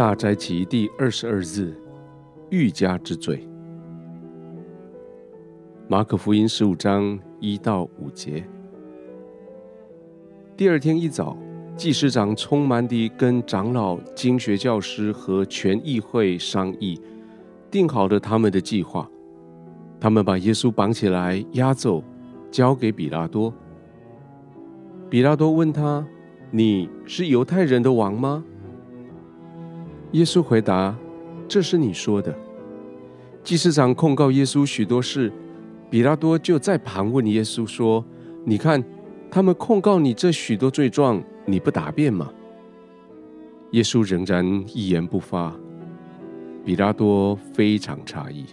大齋期第二十二日，欲加之罪。馬可福音十五章一到五節。第二天一早，祭司長匆忙地跟長老、經學教師和全議會商議，定好了他們的計劃。他們把耶穌綁起來押走，交給彼拉多。彼拉多問他：“你是猶太人的王嗎？”耶穌回答：“這是你說的。”祭司長控告耶穌許多事，彼拉多就再盤問耶穌說：“你看，他們控告你這許多罪狀，你不答辯嗎？”耶穌仍然一言不發。彼拉多非常詫異。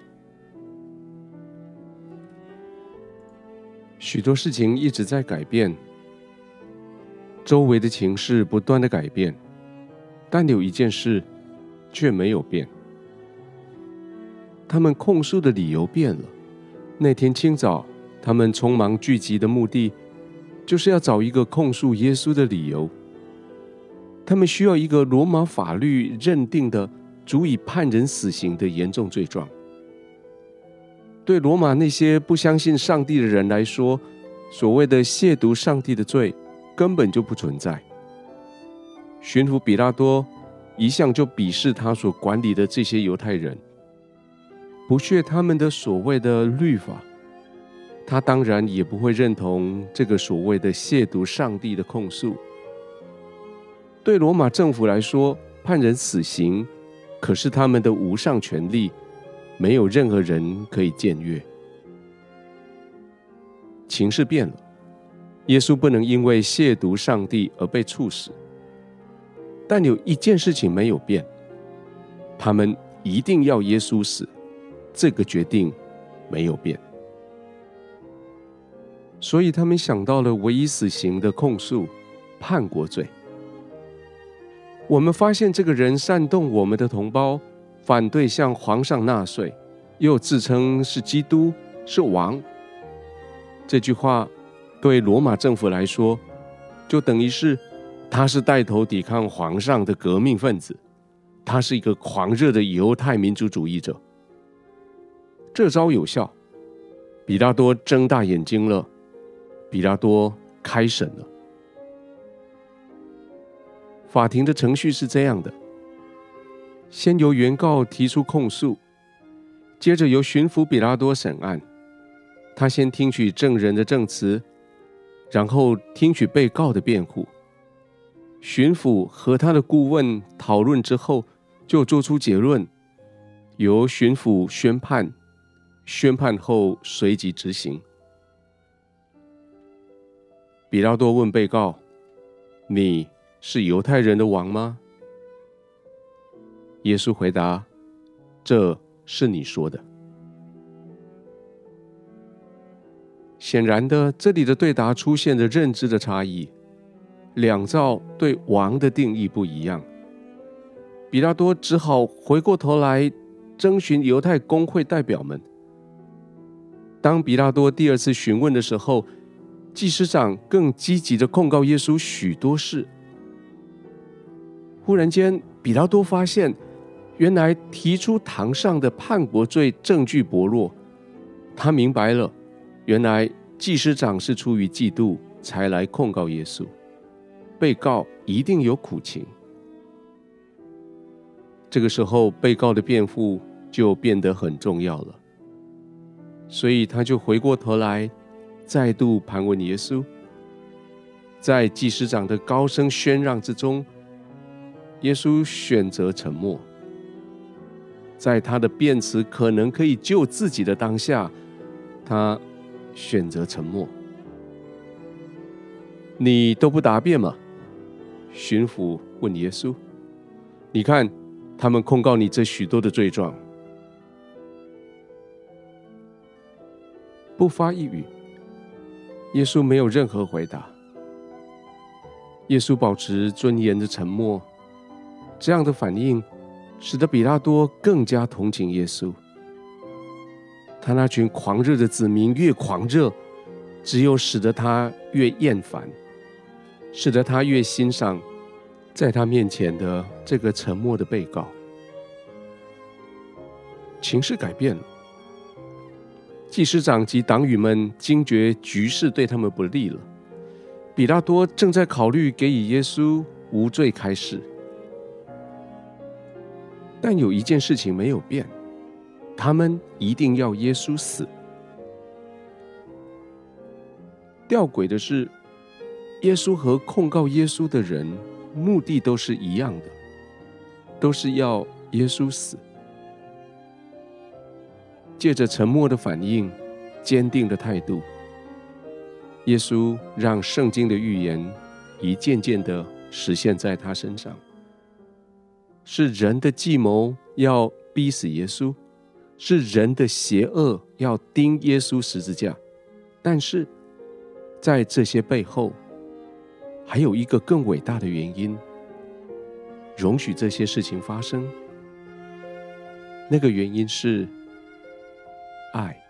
許多事情一直在改變，周圍的情勢不斷的改變，但有一件事。卻沒有變。他們控訴的理由變了。那天清早，他們匆忙聚集的目的，就是要找一個控訴耶穌的理由。他們需要一個羅馬法律認定的、足以判人死刑的嚴重罪狀。對羅馬那些不相信上帝的人來說，所謂的褻瀆上帝的罪，根本就不存在。巡撫比拉多，一向就鄙視他所管理的這些猶太人，不屑他們的所謂的律法，他當然也不會認同這個所謂的褻瀆上帝的控訴。對羅馬政府來說，判人死刑可是他們的無上權力，沒有任何人可以僭越。情勢變了，耶穌不能因為褻瀆上帝而被處死。但有一件事情沒有變，他們一定要耶穌死，這個決定沒有變。所以他們想到了唯一死刑的控訴——叛國罪。我們發現這個人煽動我們的同胞反對向皇上納稅，又自稱是基督、是王。這句話對羅馬政府來說，就等於是。他是帶頭抵抗皇上的革命分子，他是一個狂熱的猶太民族主義者。這招有效，彼拉多睜大眼睛了。彼拉多開審了。法庭的程序是這樣的：先由原告提出控訴，接着由巡撫彼拉多審案。他先聽取證人的證詞，然後聽取被告的辯護。巡撫和他的顧問討論之後，就做出結論，由巡撫宣判，宣判後隨即執行。彼拉多問被告：“你是猶太人的王嗎？”耶穌回答：“這是你說的。”顯然的，這裡的對答出現着認知的差異。兩造對王的定義不一樣，彼拉多只好回過頭來徵詢猶太公會代表們。當彼拉多第二次詢問的時候，祭司長更積極的控告耶穌許多事。忽然間，彼拉多發現，原來提出堂上的叛國罪證據薄弱，他明白了，原來祭司長是出於嫉妒才來控告耶穌。被告一定有苦情。這個時候，被告的辯護就變得很重要了。所以，他就回過頭來，再度盤問耶穌。在祭司長的高聲宣嚷之中，耶穌選擇沉默。在他的辯詞可能可以救自己的當下，他選擇沉默。你都不答辯嗎？巡撫問耶穌：“你看，他們控告你這許多的罪狀。”不發一語，耶穌沒有任何回答。耶穌保持尊嚴的沉默，這樣的反應使得彼拉多更加同情耶穌。他那群狂熱的子民越狂熱，只有使得他越厭煩。使得他越欣賞，在他面前的這個沉默的被告，情勢改變了。祭司長及黨羽們驚覺局勢對他們不利了。彼拉多正在考慮給予耶穌無罪開釋。但有一件事情沒有變：他們一定要耶穌死。弔詭的是。耶穌和控告耶穌的人，目的都是一樣的，都是要耶穌死。借着沉默的反應、堅定的態度，耶穌讓聖經的預言一件件地實現在他身上。是人的計謀要逼死耶穌，是人的邪惡要釘耶穌十字架，但是在這些背後，還有一個更偉大的原因，容許這些事情發生。那個原因是愛。